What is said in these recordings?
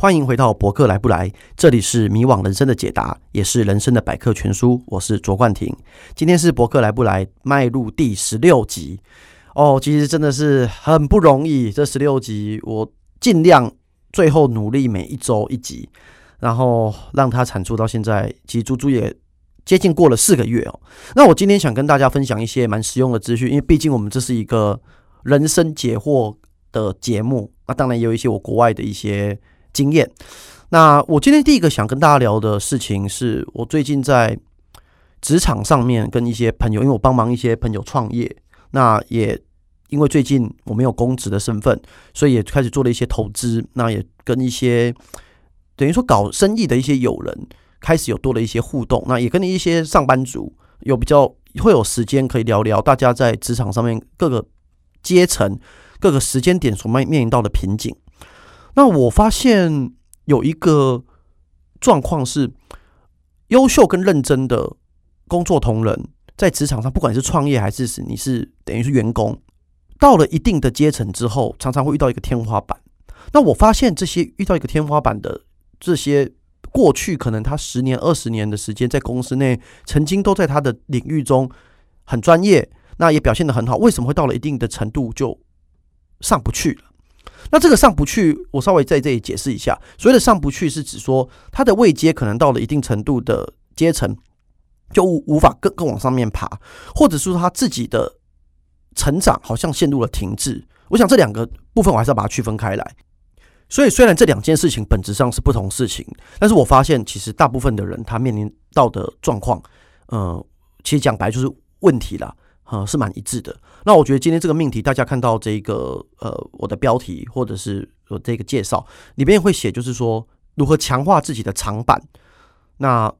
歡迎回到柏克萊不來，這裡是迷惘人生的解答，也是人生的百科全書。我是卓冠廷，今天是柏克萊不來邁入第十六集哦。其實真的是很不容易，這十六集我盡量最後努力每一周一集，然後讓它產出到現在，其實足足也接近過了四個月哦。那我今天想跟大家分享一些蠻實用的資訊，因為畢竟我們這是一個人生解惑的節目，那、啊、當然也有一些我國外的一些。經驗。那我今天第一個想跟大家聊的事情，是我最近在職場上面跟一些朋友，因為我幫忙一些朋友創業，那也因為最近我沒有公職的身份，所以也開始做了一些投資。那也跟一些等於說搞生意的一些友人開始有多了一些互動。那也跟一些上班族有比較會有時間可以聊聊，大家在職場上面各個階層、各個時間點所面面臨到的瓶頸。那我發現有一個狀況是，優秀跟認真的工作同仁在職場上，不管你是創業還是是你是等於是員工，到了一定的階層之後，常常會遇到一個天花板。那我發現這些遇到一個天花板的這些過去可能他十年、二十年的時間在公司內曾經都在他的領域中很專業，那也表現得很好，為什麼會到了一定的程度就上不去了？那這個上不去，我稍微在這裡解釋一下。所謂的上不去，是指說他的位階可能到了一定程度的階層，就無無法更更往上面爬，或者是他自己的成長好像陷入了停滯。我想這兩個部分，我還是要把它區分開來。所以雖然這兩件事情本質上是不同事情，但是我發現其實大部分的人他面臨到的狀況，嗯，其實講白就是問題啦。啊、嗯，是蠻一致的。那我覺得今天這個命題，大家看到這一個呃我的標題，或者是我這個介紹裡邊會寫，就是說如何強化自己的長板，那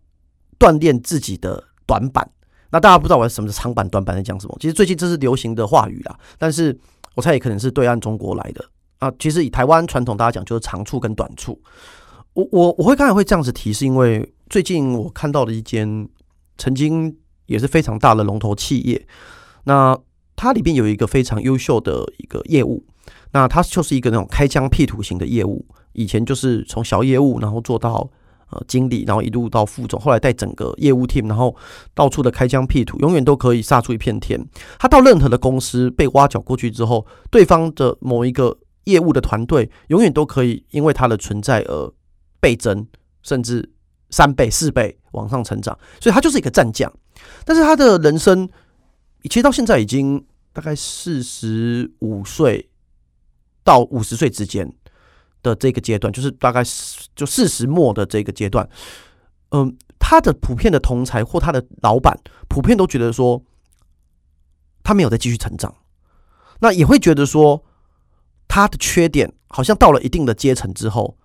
鍛鍊自己的短板。那大家不知道我什麼是長板、短板在講什麼。其實最近這是流行的話語啦，但是我猜也可能是對岸中國來的啊。其實以台灣傳統，大家講就是長處跟短處。我我我會剛才會這樣子提，是因為最近我看到的一間曾經也是非常大的龍頭企業。那它裡邊有一個非常優秀的一個業務，那它就是一個那種開疆闢土型的業務。以前就是從小業務，然後做到呃經理，然後一路到副總，後來帶整個業務 team，然後到處的開疆闢土，永遠都可以殺出一片天。他到任何的公司被挖角過去之後，對方的某一個業務的團隊永遠都可以因為他的存在而倍增，甚至三倍、四倍往上成長。所以他就是一個戰將，但是他的人生。其實到現在已經大概四十五歲到五十歲之間的這個階段，就是大概就四十末的這個階段，嗯，他的普遍的同儕或他的老闆普遍都覺得說，他沒有再繼續成長，那也會覺得說他的缺點好像到了一定的階層之後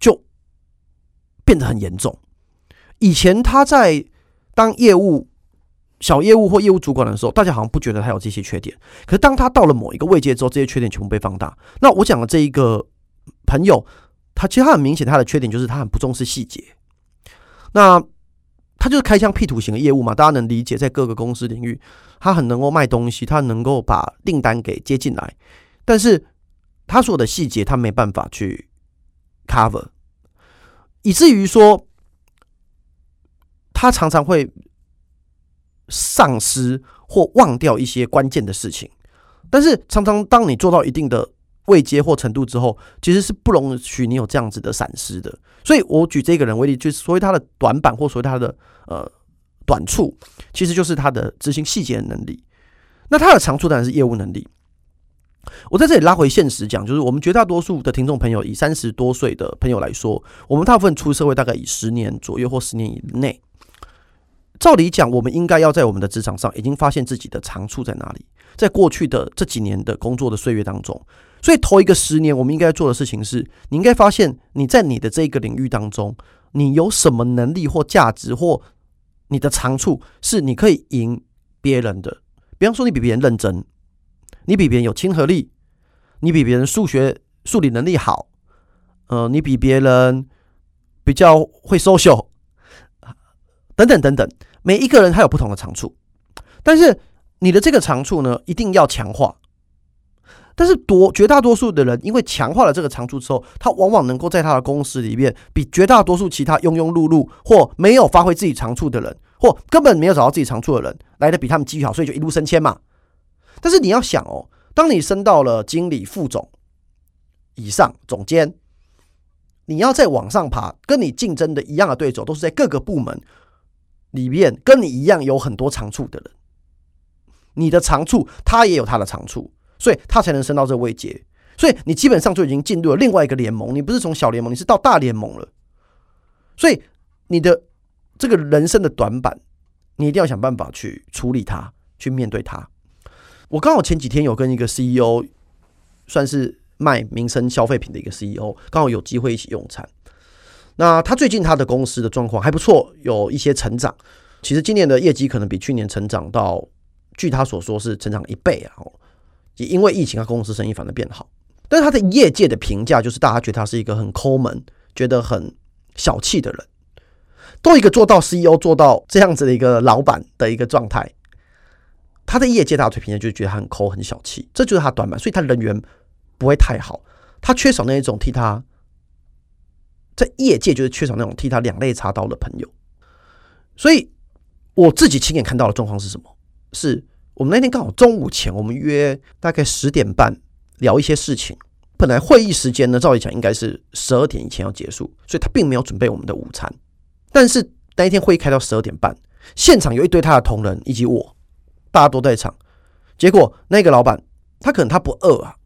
就變得很嚴重。以前他在當業務。小業務或業務主管的時候，大家好像不覺得他有這些缺點。可是當他到了某一個位階之後，這些缺點全部被放大。那我講的這一個朋友，他其實他很明顯他的缺點就是他很不重視細節。那他就是開疆闢土型的業務嘛，大家能理解，在各個公司領域，他很能夠賣東西，他能夠把訂單給接進來，但是他所有的細節他沒辦法去 cover，以至於說他常常會。喪失或忘掉一些關鍵的事情，但是常常當你做到一定的位階或程度之後，其實是不容許你有這樣子的閃失的。所以我舉這個人為例，就是所謂他的短板或所謂他的呃短處，其實就是他的執行細節的能力。那他的長處當然是業務能力。我在這裡拉回現實講，就是我們絕大多數的聽眾朋友，以三十多歲的朋友來說，我們大部分出社會大概以十年左右或十年以內。照理講，我們應該要在我們的職場上已經發現自己的長處在哪裡。在過去的這幾年的工作的歲月當中，所以頭一個十年，我們應該要做的事情是，你應該發現你在你的這個領域當中，你有什麼能力或價值或你的長處，是你可以贏別人的。比方說，你比別人認真，你比別人有親和力，你比別人數學、數理能力好，呃，你比別人比較會 social。等等等等，每一個人他有不同的長處，但是你的這個長處呢，一定要強化。但是多絕大多數的人，因為強化了這個長處之後，他往往能夠在他的公司裡面，比絕大多數其他庸庸碌碌或沒有發揮自己長處的人，或根本沒有找到自己長處的人，來得比他們機遇好，所以就一路升遷嘛。但是你要想哦，當你升到了經理、副總以上、總監，你要再往上爬，跟你競爭的一樣的對手，都是在各個部門。裡面跟你一樣有很多長處的人，你的長處，他也有他的長處，所以他才能升到這位階。所以你基本上就已經進入了另外一個聯盟，你不是從小聯盟，你是到大聯盟了。所以你的這個人生的短板，你一定要想辦法去處理它，去面對它。我剛好前幾天有跟一個 CEO，算是賣民生消費品的一個 CEO，剛好有機會一起用餐。那他最近他的公司的狀況還不錯，有一些成長。其實今年的業績可能比去年成長到，據他所說是成長一倍啊。哦，也因為疫情，他公司生意反而變好。但是他的業界的評價就是，大家覺得他是一個很摳門、覺得很小氣的人。多一個做到 CEO，做到這樣子的一個老闆的一個狀態，他在業界大家嘴評價就覺得他很摳、很小氣，這就是他短板，所以他人緣不會太好，他缺少那一種替他。在業界就是缺少那種替他兩肋插刀的朋友，所以我自己親眼看到的狀況是什麼？是我們那天剛好中午前，我們約大概十點半聊一些事情。本來會議時間呢，照理講應該是十二點以前要結束，所以他並沒有準備我們的午餐。但是那一天會議開到十二點半，現場有一堆他的同仁以及我，大家都在場。結果那個老闆他可能他不餓啊，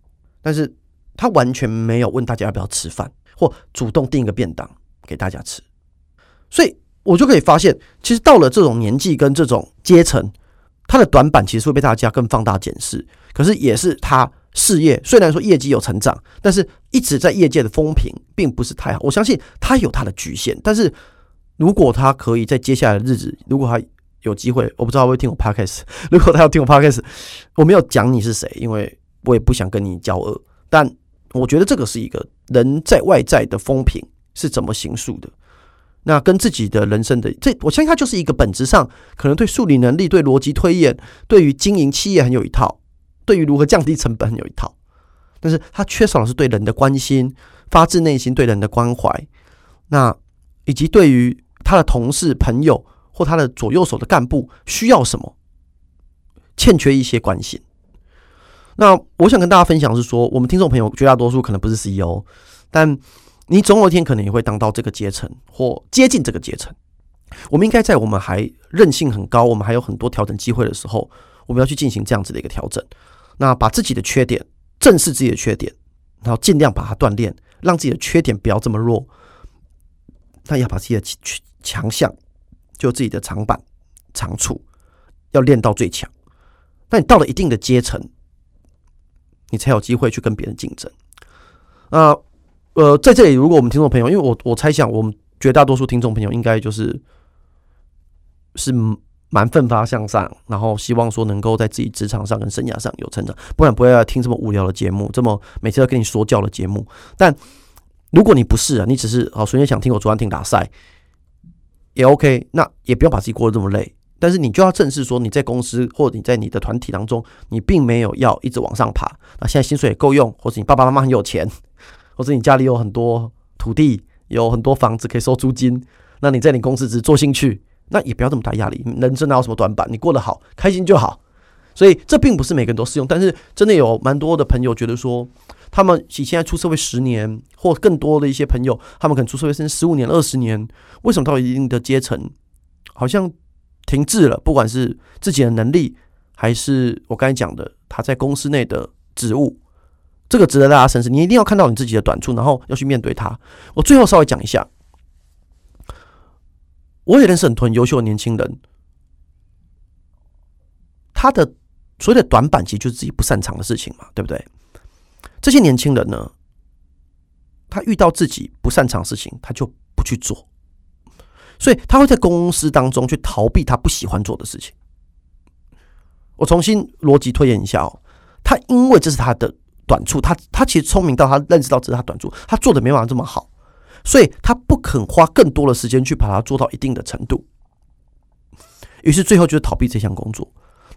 但是。他完全沒有問大家要不要吃飯，或主動訂一個便當給大家吃，所以我就可以發現，其實到了這種年紀跟這種階層，他的短板其實會被大家更放大檢視。可是，也是他事業雖然說業績有成長，但是一直在業界的風評並不是太好。我相信他有他的局限，但是如果他可以在接下來的日子，如果他有機會，我不知道他會聽我 Podcast，如果他要聽我 Podcast，我沒有講你是誰，因為我也不想跟你交惡。但。我覺得這個是一個人在外在的風評是怎麼形塑的，那跟自己的人生的這，我相信他就是一個本質上可能對數理能力、對邏輯推演、對於經營企業很有一套，對於如何降低成本很有一套，但是他缺少的是對人的關心，發自內心對人的關懷，那以及對於他的同事、朋友或他的左右手的幹部需要什麼，欠缺一些關心。那我想跟大家分享是說，我們聽眾朋友絕大多數可能不是 CEO，但你總有一天可能也會當到這個階層或接近這個階層。我們應該在我們還韌性很高、我們還有很多調整機會的時候，我們要去進行這樣子的一個調整。那把自己的缺點正視自己的缺點，然後盡量把它鍛鍊，讓自己的缺點不要這麼弱。那要把自己的強強項，就自己的長板、長處，要練到最強。那你到了一定的階層。你才有機會去跟別人競爭。那呃，呃，在這裡，如果我們聽眾朋友，因為我我猜想，我們絕大多數聽眾朋友應該就是是蠻奮發向上，然後希望說能夠在自己職場上跟生涯上有成長，不然不要聽這麼無聊的節目，這麼每次要跟你說教的節目。但如果你不是啊，你只是哦，順便想聽我昨晚聽打賽，也 OK。那也不要把自己過得這麼累。但是你就要正視說，你在公司或者你在你的團體當中，你並沒有要一直往上爬。那現在薪水也夠用，或者你爸爸媽媽很有錢，或者你家裡有很多土地，有很多房子可以收租金。那你在你公司只做興趣，那也不要這麼大壓力。人生哪有什麼短板，你過得好開心就好。所以這並不是每個人都適用，但是真的有蠻多的朋友覺得說，他們現在出社會十年或更多的一些朋友，他們可能出社會甚至十五年、二十年，為什麼到一定的階層好像？停滯了，不管是自己的能力，還是我剛才講的他在公司內的職務，這個值得大家深思。你一定要看到你自己的短處，然後要去面對他。我最後稍微講一下，我也認識很多很優秀的年輕人，他的所謂的短板其實就是自己不擅長的事情嘛，對不對？這些年輕人呢，他遇到自己不擅長的事情，他就不去做。所以他會在公司當中去逃避他不喜歡做的事情。我重新邏輯推演一下哦，他因為這是他的短處，他他其實聰明到他認識到這是他短處，他做的沒辦法這麼好，所以他不肯花更多的時間去把它做到一定的程度，於是最後就是逃避這項工作。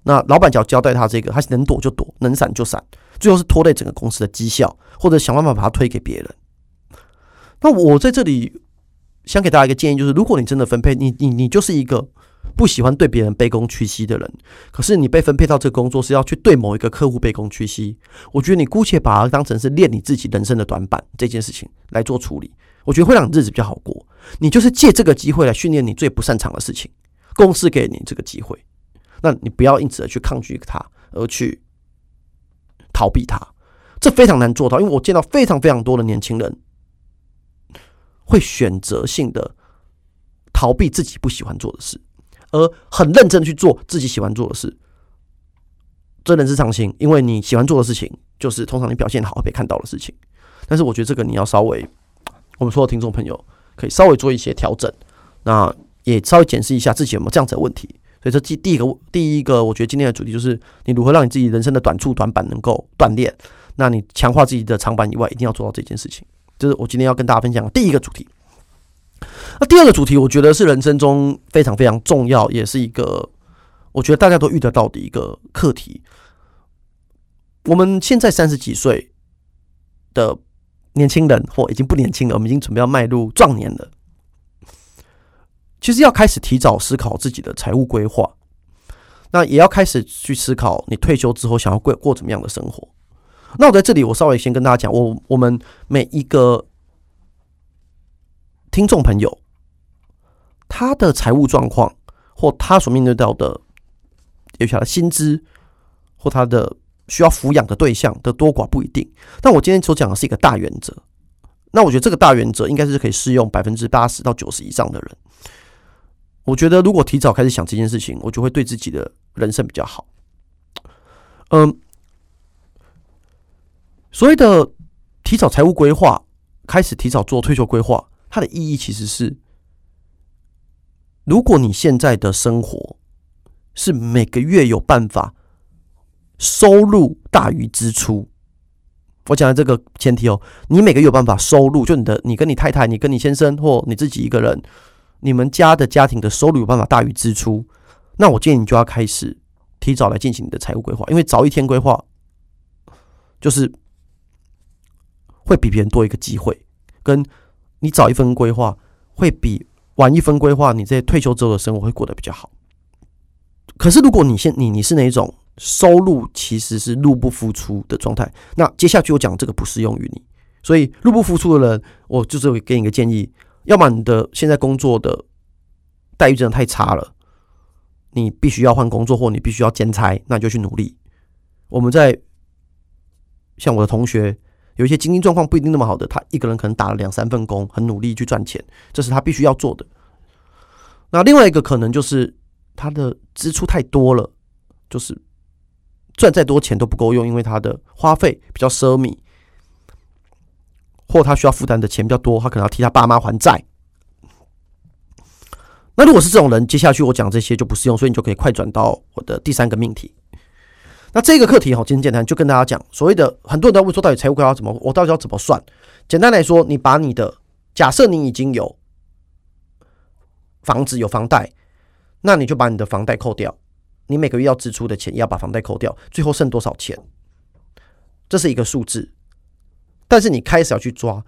那老板只要交代他這個，他能躲就躲，能閃就閃，最後是拖累整個公司的績效，或者想辦法把它推給別人。那我在這裡。想給大家一個建議，就是如果你真的分配你你你就是一個不喜歡對別人卑躬屈膝的人，可是你被分配到這個工作是要去對某一個客戶卑躬屈膝，我覺得你姑且把它當成是練你自己人生的短板這件事情來做處理，我覺得會讓你日子比較好過。你就是借這個機會來訓練你最不擅長的事情，公司給你這個機會，那你不要因此而去抗拒他，而去逃避他，這非常難做到。因為我見到非常非常多的年輕人。會選擇性的逃避自己不喜歡做的事，而很認真去做自己喜歡做的事。這人之常情，因為你喜歡做的事情，就是通常你表現好被看到的事情。但是，我覺得這個你要稍微，我們說的聽眾朋友可以稍微做一些調整，那也稍微檢視一下自己有沒有這樣子的問題。所以，這第第一個第一個，我覺得今天的主題就是你如何讓你自己人生的短處、短板能夠鍛煉。那你強化自己的長板以外，一定要做到這件事情。就是我今天要跟大家分享的第一個主題。那第二個主題，我覺得是人生中非常非常重要，也是一個我覺得大家都遇得到的一個課題。我們現在三十幾歲的年輕人，或已經不年輕了，我們已經準備要邁入壯年了。其實要開始提早思考自己的財務規劃，那也要開始去思考你退休之後想要過過怎麼樣的生活。那我在這裡，我稍微先跟大家講，我我們每一個聽眾朋友，他的財務狀況或他所面對到的，也許他的薪資或他的需要撫養的對象的多寡不一定。但我今天所講的是一個大原則，那我覺得這個大原則應該是可以適用百分之八十到九十以上的人。我覺得如果提早開始想這件事情，我就會對自己的人生比較好。嗯。所謂的提早財務規劃，開始提早做退休規劃，它的意義其實是：如果你現在的生活是每個月有辦法收入大於支出，我講的這個前提哦，你每個月有辦法收入，就你的你跟你太太、你跟你先生或你自己一個人，你們家的家庭的收入有辦法大於支出，那我建議你就要開始提早來進行你的財務規劃，因為早一天規劃就是。會比別人多一個機會，跟你早一分規劃，會比晚一分規劃，你在退休之後的生活會過得比較好。可是，如果你先你你是哪一種收入其實是入不敷出的狀態，那接下去我講這個不適用於你。所以，入不敷出的人，我就是給你一個建議：要麼你的現在工作的待遇真的太差了，你必須要換工作，或你必須要兼差，那你就去努力。我們在像我的同學。有一些經濟狀況不一定那麼好的，他一個人可能打了兩三份工，很努力去賺錢，這是他必須要做的。那另外一個可能就是他的支出太多了，就是賺再多錢都不夠用，因為他的花費比較奢靡，或他需要負擔的錢比較多，他可能要替他爸媽還債。那如果是這種人，接下去我講這些就不適用，所以你就可以快轉到我的第三個命題。那這個課題好簡簡單，就跟大家講，所謂的很多人都會說，到底財務規劃怎麼？我到底要怎麼算？簡單來說，你把你的假設你已經有房子有房貸，那你就把你的房貸扣掉，你每個月要支出的錢也要把房貸扣掉，最後剩多少錢？這是一個數字，但是你開始要去抓，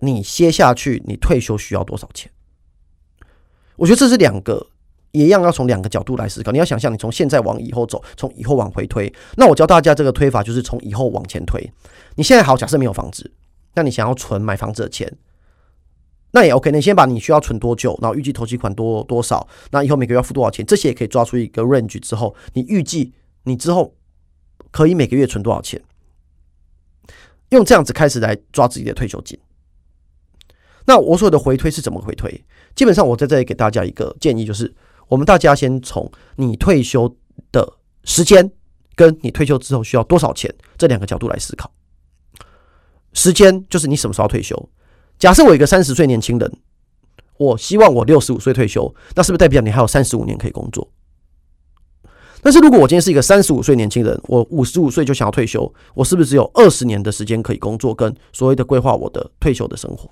你接下去你退休需要多少錢？我覺得這是兩個。也一樣要從兩個角度來思考。你要想象，你從現在往以後走，從以後往回推。那我教大家這個推法，就是從以後往前推。你現在好，假設沒有房子，那你想要存買房子的錢，那也 OK。你先把你需要存多久，然後預計投資款多多少，那以後每個月要付多少錢，這些也可以抓出一個 range 之後，你預計你之後可以每個月存多少錢，用這樣子開始來抓自己的退休金。那我所有的回推是怎麼回推？基本上，我在這裡給大家一個建議，就是。我們大家先從你退休的時間，跟你退休之後需要多少錢這兩個角度來思考。時間就是你什麼時候退休。假設我一個三十歲年輕人，我希望我六十五歲退休，那是不是代表你還有三十五年可以工作？但是如果我今天是一個三十五歲年輕人，我五十五歲就想要退休，我是不是只有二十年的時間可以工作，跟所謂的規劃我的退休的生活？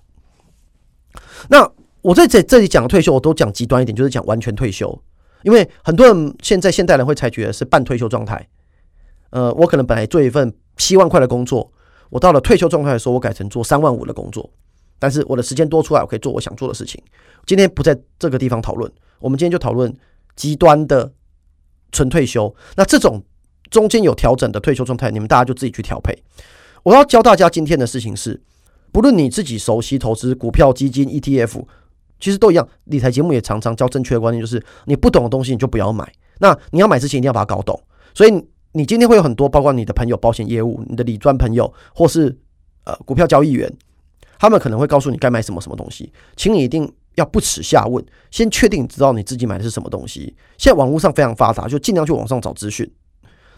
那……我在這這裡講退休，我都講極端一點，就是講完全退休。因為很多人現在現代人會採取的是半退休狀態。呃，我可能本來做一份七萬塊的工作，我到了退休狀態的時候，我改成做三萬五的工作，但是我的時間多出來，我可以做我想做的事情。今天不在這個地方討論，我們今天就討論極端的純退休。那這種中間有調整的退休狀態，你們大家就自己去調配。我要教大家今天的事情是，不論你自己熟悉投資股票、基金、ETF。其實都一樣，理財節目也常常教正確的觀念，就是你不懂的東西，你就不要買。那你要買之前一定要把它搞懂。所以你今天會有很多，包括你的朋友、保險業務、你的理專朋友，或是呃股票交易員，他們可能會告訴你該買什麼什麼東西，請你一定要不恥下問，先確定知道你自己買的是什麼東西。現在網絡上非常發達，就尽量去網上找資訊。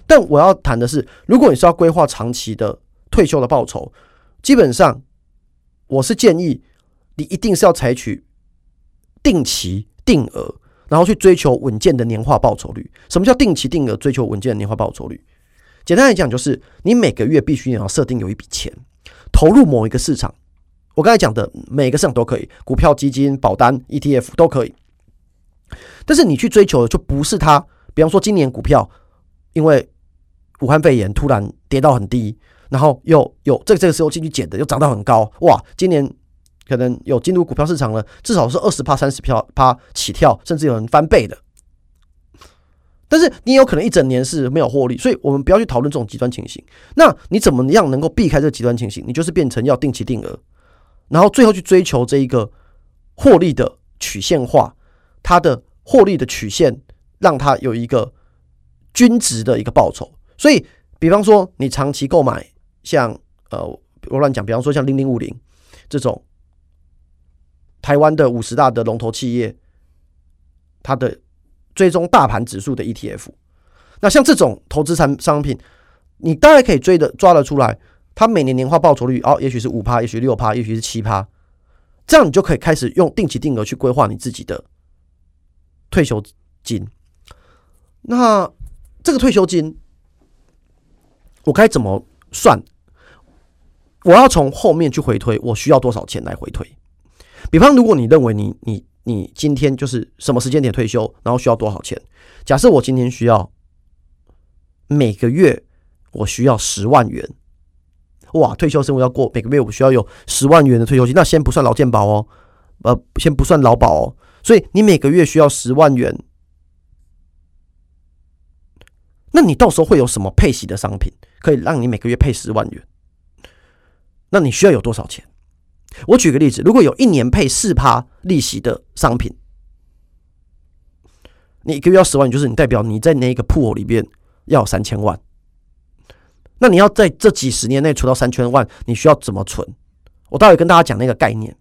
但我要談的是，如果你是要規劃長期的退休的報酬，基本上我是建議你一定是要採取。定期定額，然後去追求穩健的年化報酬率。什麼叫定期定額追求穩健的年化報酬率？簡單來講，就是你每個月必須要設定有一筆錢投入某一個市場。我剛才講的每個市場都可以，股票、基金、保單、ETF 都可以。但是你去追求的就不是它。比方說，今年股票因為武漢肺炎突然跌到很低，然後又有這個、這個時候進去撿的又漲到很高，哇，今年。可能有進入股票市場了，至少是二十趴、三十票趴起跳，甚至有人翻倍的。但是你有可能一整年是沒有獲利，所以我們不要去討論這種極端情形。那你怎麼樣能夠避開這極端情形？你就是變成要定期定額，然後最後去追求這一個獲利的曲線化，它的獲利的曲線讓它有一個均值的一個報酬。所以，比方說你長期購買像呃，我亂講，比方說像零零五零這種。台灣的五十大的龍頭企業，它的追蹤大盤指數的 ETF，那像這種投資產商品，你大概可以追的抓得出來，它每年年化報酬率哦也，也許是五趴，也許六趴，也許是七趴。這樣你就可以開始用定期定額去規劃你自己的退休金。那這個退休金我該怎麼算？我要從後面去回推，我需要多少錢來回推？比方，如果你認為你你你今天就是什麼時間點退休，然後需要多少錢？假設我今天需要每個月我需要十萬元，哇，退休生活要過，每個月我需要有十萬元的退休金，那先不算勞健保哦，呃，先不算勞保哦，所以你每個月需要十萬元，那你到時候會有什麼配息的商品可以讓你每個月配十萬元？那你需要有多少錢？我舉個例子，如果有一年配四趴利息的商品，你一個月要十萬，就是你代表你在那個 pool 裡邊要有三千萬。那你要在這幾十年內存到三千萬，你需要怎麼存？我待會跟大家講那個概念。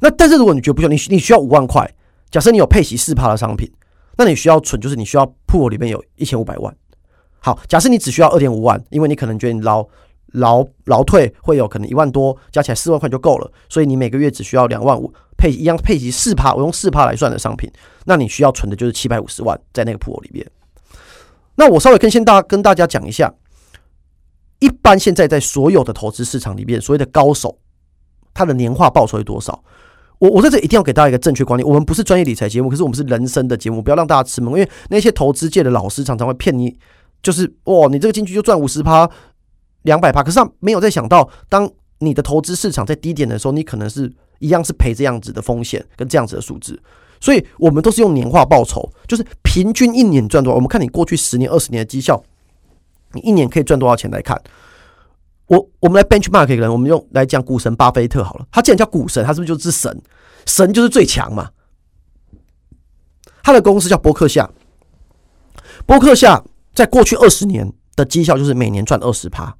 那但是如果你覺得不需要，你你需要五萬塊，假設你有配息四趴的商品，那你需要存，就是你需要 pool 裡面有一千五百萬。好，假設你只需要二點五萬，因為你可能覺得你撈。勞勞退會有可能一萬多，加起來四萬塊就夠了，所以你每個月只需要兩萬五配，一樣配息四趴，我用四趴來算的商品，那你需要存的就是七百五十萬在那個鋪裡面。那我稍微跟先大跟大家講一下，一般現在在所有的投資市場裡面，所謂的高手，他的年化報酬有多少？我我在這一定要給大家一個正確觀念，我們不是專業理財節目，可是我們是人生的節目，不要讓大家吃蒙，因為那些投資界的老師常常會騙你，就是哦，你這個進去就賺五十趴。兩百趴，可是他沒有在想到，當你的投資市場在低點的時候，你可能是一樣是賠這樣子的風險跟這樣子的數字。所以，我們都是用年化報酬，就是平均一年賺多少。我們看你過去十年、二十年的績效，你一年可以賺多少錢來看。我我們來 benchmark 一個人，我們用來講股神巴菲特好了。他既然叫股神，他是不是就是神？神就是最強嘛。他的公司叫波克夏，波克夏在過去二十年的績效就是每年賺二十趴。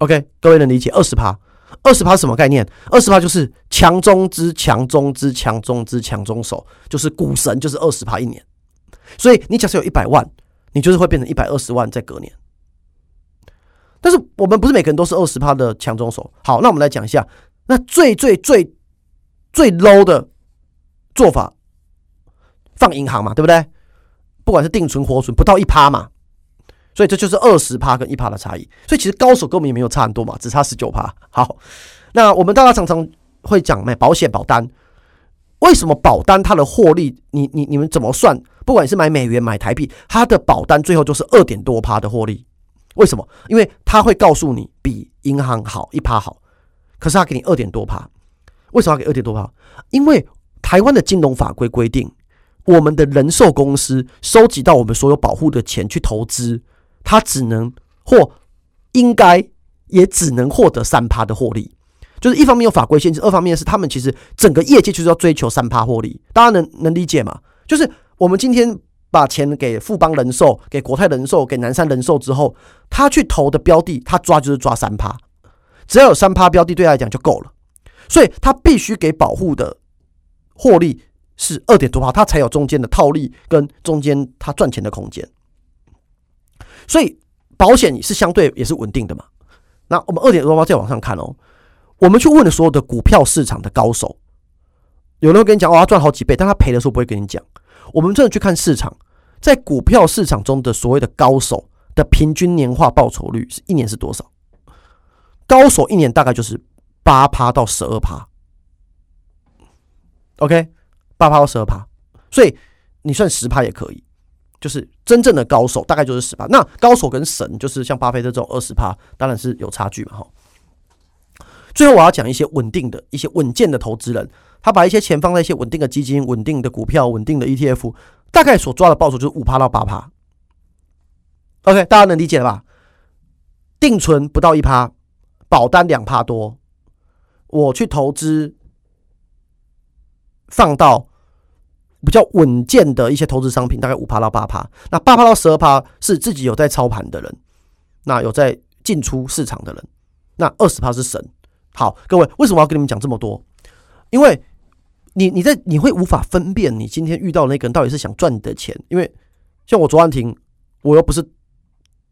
OK，各位能理解二十趴？二十趴什麼概念？二十趴就是強中之強中之強中之強中手，就是股神，就是二十趴一年。所以你假設有一百萬，你就是會變成一百二十萬在隔年。但是我們不是每個人都是二十趴的強中手。好，那我們來講一下，那最最最最 low 的做法，放銀行嘛，對不對？不管是定存、活存，不到一趴嘛。所以這就是二十趴跟一趴的差異。所以其實高手跟我們也沒有差很多嘛，只差十九趴。好，那我們大家常常會講買保險保單，為什麼保單它的獲利？你你你們怎麼算？不管你是買美元買台幣，它的保單最後就是二點多趴的獲利。為什麼？因為它會告訴你比銀行好一趴好，可是它給你二點多趴。為什麼要給二點多趴？因為台灣的金融法規規定，我們的人壽公司收集到我們所有保戶的錢去投資。他只能或應該也只能獲得三趴的獲利，就是一方面有法規限制，二方面是他們其實整個業界就是要追求三趴獲利，大家能能理解嗎？就是我們今天把錢給富邦人壽、給國泰人壽、給南山人壽之後，他去投的標的，他抓就是抓三趴，只要有三趴標的，對他來講就夠了，所以他必須給保戶的獲利是二點多趴，他才有中間的套利跟中間他賺錢的空間。所以保險是相對也是穩定的嘛。那我們二點六八再往上看哦。我們去問了所有的股票市場的高手，有人會跟你講，哇，賺好幾倍，但他賠的時候不會跟你講。我們真的去看市場，在股票市場中的所謂的高手的平均年化報酬率是一年是多少？高手一年大概就是八趴到十二趴。OK，八趴到十二趴，所以你算十趴也可以。就是真正的高手，大概就是十趴。那高手跟神，就是像巴菲特這種二十趴，當然是有差距嘛哈。最後我要講一些穩定的一些穩健的投資人，他把一些錢放在一些穩定的基金、穩定的股票、穩定的 ETF，大概所抓的報酬就是五趴到八趴。OK，大家能理解了吧？定存不到一趴，保單兩趴多。我去投資，放到。比較穩健的一些投資商品，大概五趴到八趴。那八趴到十二趴是自己有在操盤的人，那有在進出市場的人。那二十趴是神。好，各位，為什麼我要跟你們講這麼多？因為你你在你會無法分辨，你今天遇到的那個人到底是想賺你的錢。因為像我卓安婷，我又不是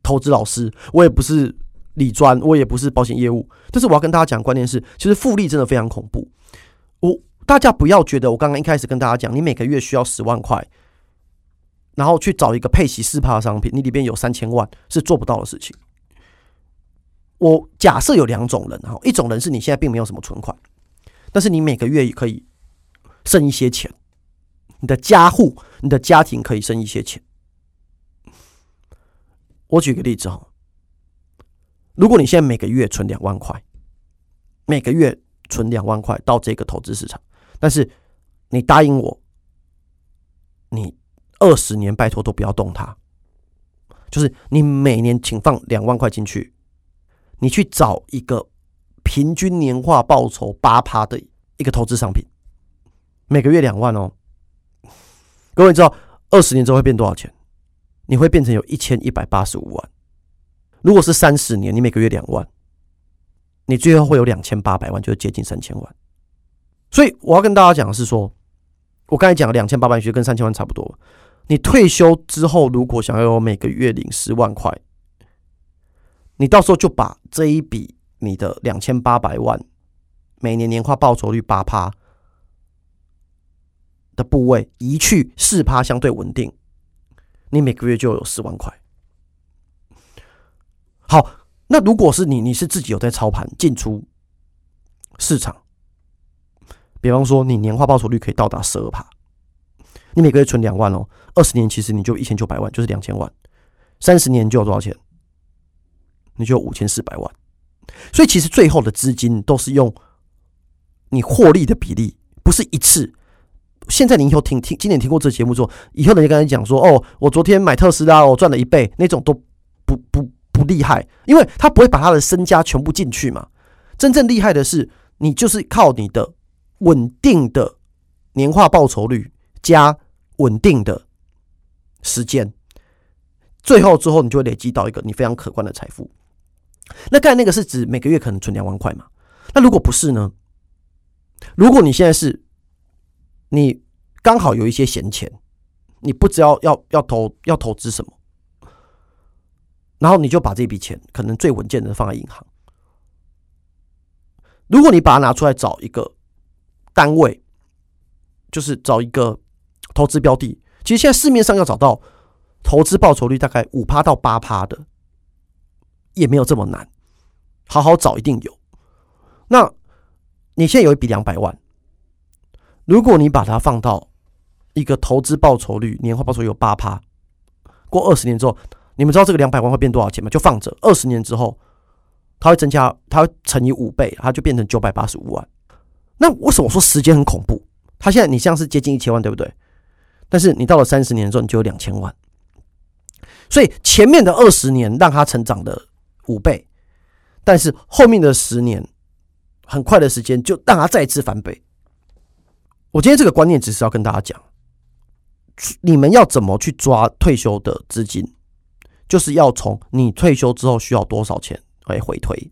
投資老師，我也不是理專，我也不是保險業務。但是我要跟大家講，關鍵是，其實複利真的非常恐怖。大家不要覺得我剛剛一開始跟大家講，你每個月需要十萬塊，然後去找一個配息四趴的商品，你裡邊有三千萬是做不到的事情。我假設有兩種人，哈，一種人是你現在並沒有什麼存款，但是你每個月也可以剩一些錢，你的家戶、你的家庭可以剩一些錢。我舉個例子哈，如果你現在每個月存兩萬塊，每個月存兩萬塊到這個投資市場。但是，你答應我，你二十年拜托都不要動它，就是你每年請放兩萬塊進去，你去找一個平均年化報酬八趴的一個投資商品，每個月兩萬哦。各位知道二十年之後會變多少錢？你會變成有一千一百八十五萬。如果是三十年，你每個月兩萬，你最後會有兩千八百萬，就是接近三千萬。所以我要跟大家講的是說，我剛才講了兩千八百萬，其實跟三千萬差不多。你退休之後，如果想要每個月領十萬塊，你到時候就把這一筆你的兩千八百萬，每年年化報酬率八趴的部位移去四趴，相對穩定，你每個月就有十萬塊。好，那如果是你，你是自己有在操盤，進出市場。比方說，你年化報酬率可以到達十二趴，你每個月存兩萬哦，二十年其實你就一千九百萬，就是兩千萬；三十年就要多少錢？你就五千四百萬。所以其實最後的資金都是用你獲利的比例，不是一次。現在你以後聽聽，今年聽過這節目之後，以後人家跟你講說：“哦，我昨天買特斯拉，我賺了一倍。”那種都不不不厲害，因為他不會把他的身家全部進去嘛。真正厲害的是，你就是靠你的。穩定的年化報酬率加穩定的時間，最後之後你就會累積到一個你非常可觀的財富。那剛才那個是指每個月可能存兩萬塊嘛。那如果不是呢？如果你現在是你剛好有一些閒錢，你不知道要要投要投資什麼，然後你就把這筆錢可能最穩健的放在銀行。如果你把它拿出來找一個，單位就是找一個投資標的，其實現在市面上要找到投資報酬率大概五趴到八趴的，也沒有這麼難，好好找一定有。那你現在有一筆兩百萬，如果你把它放到一個投資報酬率年化報酬有八趴，過二十年之後，你們知道這個兩百萬會變多少錢嗎？就放着，二十年之後，它會增加，它會乘以五倍，它就變成九百八十五萬。那為什麼說時間很恐怖？他現在你像是接近一千萬，對不對？但是你到了三十年之後，你就有兩千萬。所以前面的二十年讓他成長了五倍，但是後面的十年，很快的時間就讓他再次翻倍。我今天這個觀念只是要跟大家講，你們要怎麼去抓退休的資金，就是要從你退休之後需要多少錢來回推。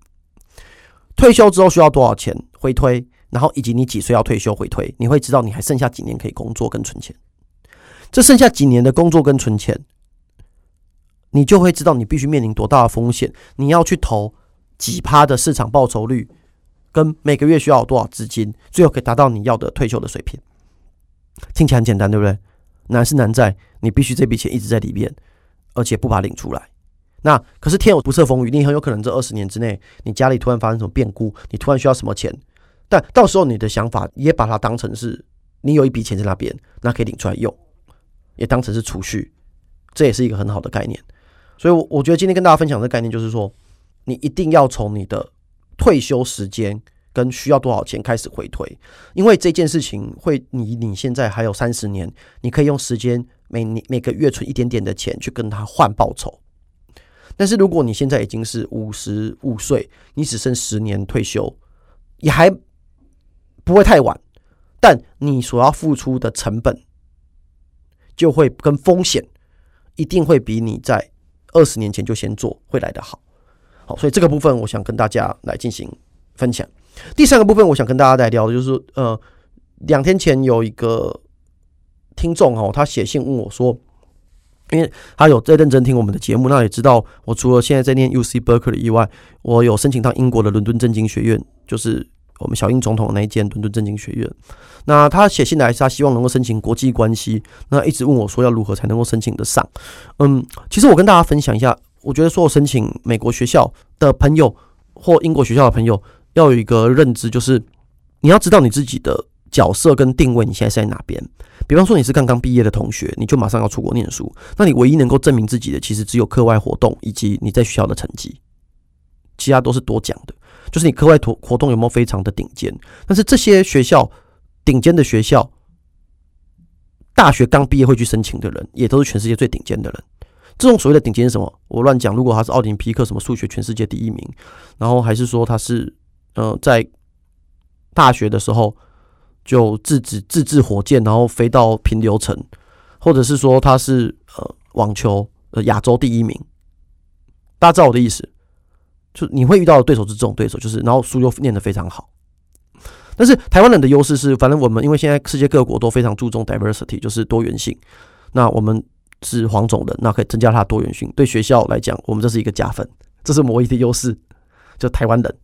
退休之後需要多少錢回推？然後以及你幾歲要退休回退，你會知道你還剩下幾年可以工作跟存錢。這剩下幾年的工作跟存錢，你就會知道你必須面臨多大的風險，你要去投幾趴的市場報酬率，跟每個月需要多少資金，最後可以達到你要的退休的水平。聽起來很簡單，對不對？難是難在你必須這筆錢一直在裡面，而且不把它領出來。那可是天有不測風雨，你很有可能這二十年之內，你家裡突然發生什麼變故，你突然需要什麼錢。但到時候你的想法也把它當成是，你有一筆錢在那邊，那可以領出來用，也當成是儲蓄，這也是一個很好的概念。所以，我我覺得今天跟大家分享的概念，就是說，你一定要從你的退休時間跟需要多少錢開始回推。因為這件事情會，你你現在還有三十年，你可以用時間，每年每個月存一點點的錢去跟他換報酬。但是如果你現在已經是五十五歲，你只剩十年退休，也還。不會太晚，但你所要付出的成本就會跟風險一定會比你在二十年前就先做會來得好，好，所以這個部分我想跟大家來進行分享。第三個部分我想跟大家來聊的就是呃，兩天前有一個聽眾哦，他寫信問我說，因為他有在認真聽我們的節目，那也知道我除了現在在念 UC Berkeley 以外，我有申請到英國的倫敦政經學院，就是。我們小英總統的那一間倫敦政經學院，那他寫信來，他希望能夠申請國際關係，那一直問我說要如何才能夠申請得上。嗯，其實我跟大家分享一下，我覺得所有申請美國學校的朋友或英國學校的朋友，要有一個認知，就是你要知道你自己的角色跟定位，你現在是在哪邊。比方說你是剛剛畢業的同學，你就馬上要出國念書，那你唯一能夠證明自己的，其實只有課外活動以及你在學校的成績，其他都是多講的。就是你課外活活動有沒有非常的頂尖？但是這些學校頂尖的學校，大學剛畢業會去申請的人，也都是全世界最頂尖的人。這種所謂的頂尖是什麼？我亂講。如果他是奧林匹克什麼數學全世界第一名，然後還是說他是呃在大學的時候就自制自制火箭，然後飛到平流層，或者是說他是呃網球呃亞洲第一名，大家知道我的意思。就你會遇到的對手是這種對手，就是然後書又念得非常好，但是台灣人的優勢是，反正我們因為現在世界各國都非常注重 diversity，就是多元性。那我們是黃種人，那可以增加它的多元性。對學校來講，我們這是一個加分，這是唯一的優勢，就台灣人。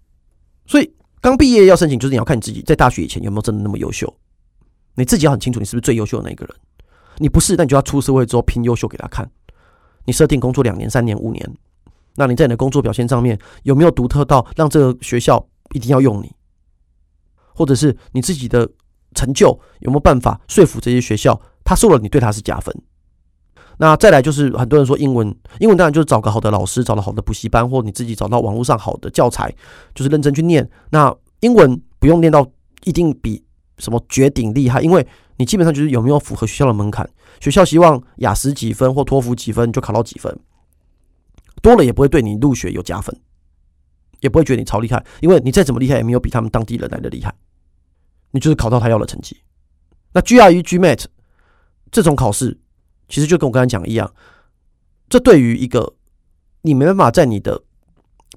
所以剛畢業要申請，就是你要看你自己在大學以前有沒有真的那麼優秀，你自己要很清楚，你是不是最優秀的那一個人。你不是，那你就要出社會之後拼優秀給他看。你設定工作兩年、三年、五年。那你在你的工作表現上面有沒有獨特到讓這個學校一定要用你？或者是你自己的成就有沒有辦法說服這些學校，他收了你對他是加分？那再來就是很多人說英文，英文當然就是找個好的老師，找到好的補習班，或你自己找到網絡上好的教材，就是認真去念。那英文不用念到一定比什麼絕頂厲害，因為你基本上就是有沒有符合學校的門檻。學校希望雅思幾分或托福幾分，你就考到幾分。多了也不會對你入學有加分，也不會覺得你超厲害，因為你再怎麼厲害也沒有比他們當地人來的厲害。你就是考到他要的成績。那 GRE、GMAT 這種考試，其實就跟我剛才講一樣，這對於一個你沒辦法在你的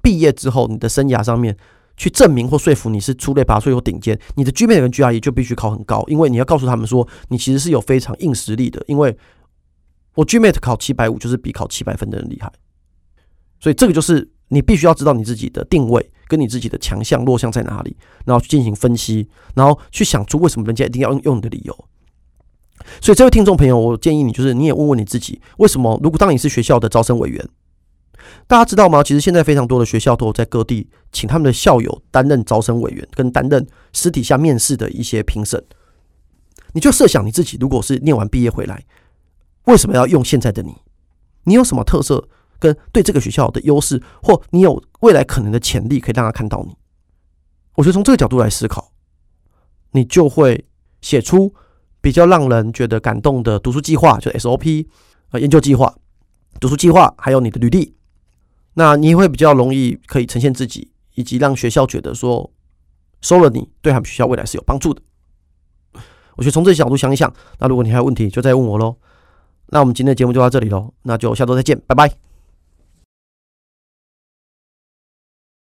畢業之後，你的生涯上面去證明或說服你是出類拔萃或頂尖，你的 GMAT 跟 GRE 就必須考很高，因為你要告訴他們說你其實是有非常硬實力的。因為我 GMAT 考七百五，就是比考七百分的人厲害。所以這個就是你必須要知道你自己的定位，跟你自己的強項弱項在哪裡，然後去進行分析，然後去想出為什麼人家一定要用用你的理由。所以這位聽眾朋友，我建議你就是你也問問你自己，為什麼如果當你是學校的招生委員，大家知道嗎？其實現在非常多的學校都有在各地請他們的校友擔任招生委員，跟擔任私底下面試的一些評審。你就設想你自己如果是念完畢業回來，為什麼要用現在的你？你有什麼特色？跟對這個學校的優勢，或你有未來可能的潛力，可以讓他看到你。我覺得從這個角度來思考，你就會寫出比較讓人覺得感動的讀書計劃，就是 SOP 啊，研究計劃、讀書計劃，還有你的履歷。那你會比較容易可以呈現自己，以及讓學校覺得說收了你，對他們學校未來是有幫助的。我覺得從這個角度想一想，那如果你還有問題，就再問我嘍。那我們今天的節目就到這裡嘍，那就下週再見，拜拜。